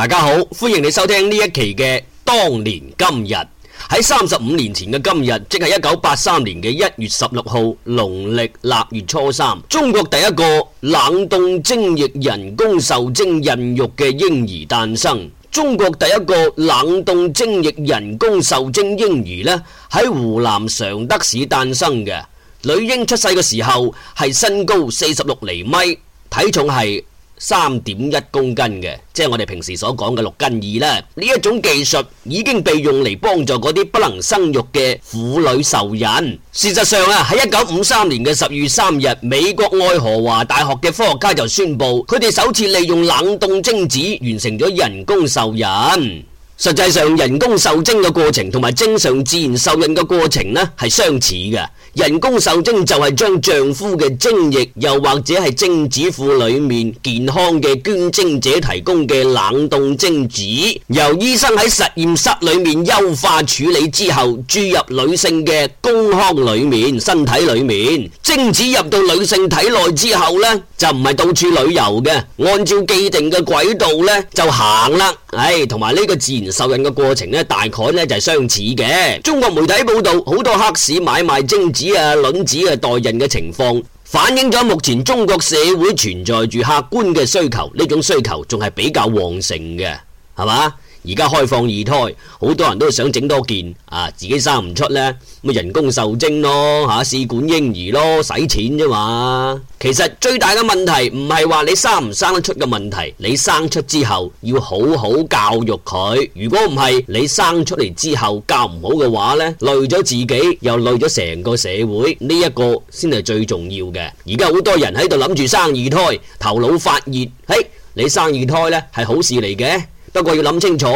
大家好，歡迎你收聽呢一期嘅當年今日。喺三十五年前嘅今日，即係一九八三年嘅一月十六號，農曆臘月初三，中國第一個冷凍精液人工受精孕育嘅嬰兒誕生。中國第一個冷凍精液人工受精嬰兒呢，喺湖南常德市誕生嘅。女嬰出世嘅時候係身高四十六厘米，體重係。三點一公斤嘅，即係我哋平時所講嘅六斤二啦。呢一種技術已經被用嚟幫助嗰啲不能生育嘅婦女受孕。事實上啊，喺一九五三年嘅十二月三日，美國愛荷華大學嘅科學家就宣佈，佢哋首次利用冷凍精子完成咗人工受孕。實際上人工受精嘅過程同埋正常自然受孕嘅過程呢係相似嘅。人工受精就係將丈夫嘅精液又或者係精子庫裏面健康嘅捐精者提供嘅冷凍精子，由醫生喺實驗室裏面優化處理之後，注入女性嘅宮腔裏面、身體裏面。精子入到女性體內之後呢，就唔係到處旅遊嘅，按照既定嘅軌道呢就行啦。唉、哎，同埋呢個自然。受孕嘅過程咧，大概咧就係相似嘅。中國媒體報道，好多黑市買賣精子啊、卵子啊代孕嘅情況，反映咗目前中國社會存在住客觀嘅需求，呢種需求仲係比較旺盛嘅，係嘛？而家開放二胎，好多人都想整多件啊！自己生唔出呢，咁人工受精咯，吓、啊、試管嬰兒咯，使錢啫嘛、啊。其實最大嘅問題唔係話你生唔生得出嘅問題，你生出之後要好好教育佢。如果唔係你生出嚟，之後教唔好嘅話呢，累咗自己又累咗成個社會，呢、這、一個先係最重要嘅。而家好多人喺度諗住生二胎，頭腦發熱，嘿，你生二胎呢係好事嚟嘅。不過要諗清楚，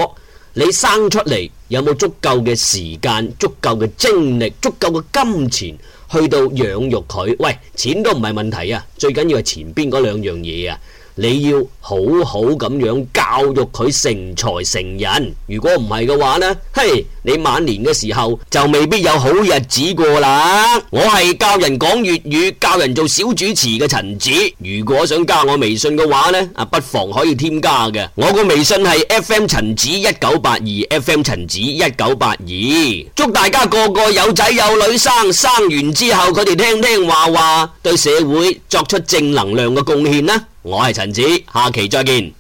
你生出嚟有冇足夠嘅時間、足夠嘅精力、足夠嘅金錢去到養育佢？喂，錢都唔係問題啊，最緊要係前邊嗰兩樣嘢啊。你要好好咁樣教育佢成才成人，如果唔係嘅話呢？嘿，hey，你晚年嘅時候就未必有好日子過啦。我係教人講粵語、教人做小主持嘅陳子。如果想加我微信嘅話呢？啊，不妨可以添加嘅。我個微信係 FM 陳子一九八二，FM 陳子一九八二。祝大家個個有仔有女生，生生完之後佢哋聽聽話話，對社會作出正能量嘅貢獻啦。我係陳子，下期再見。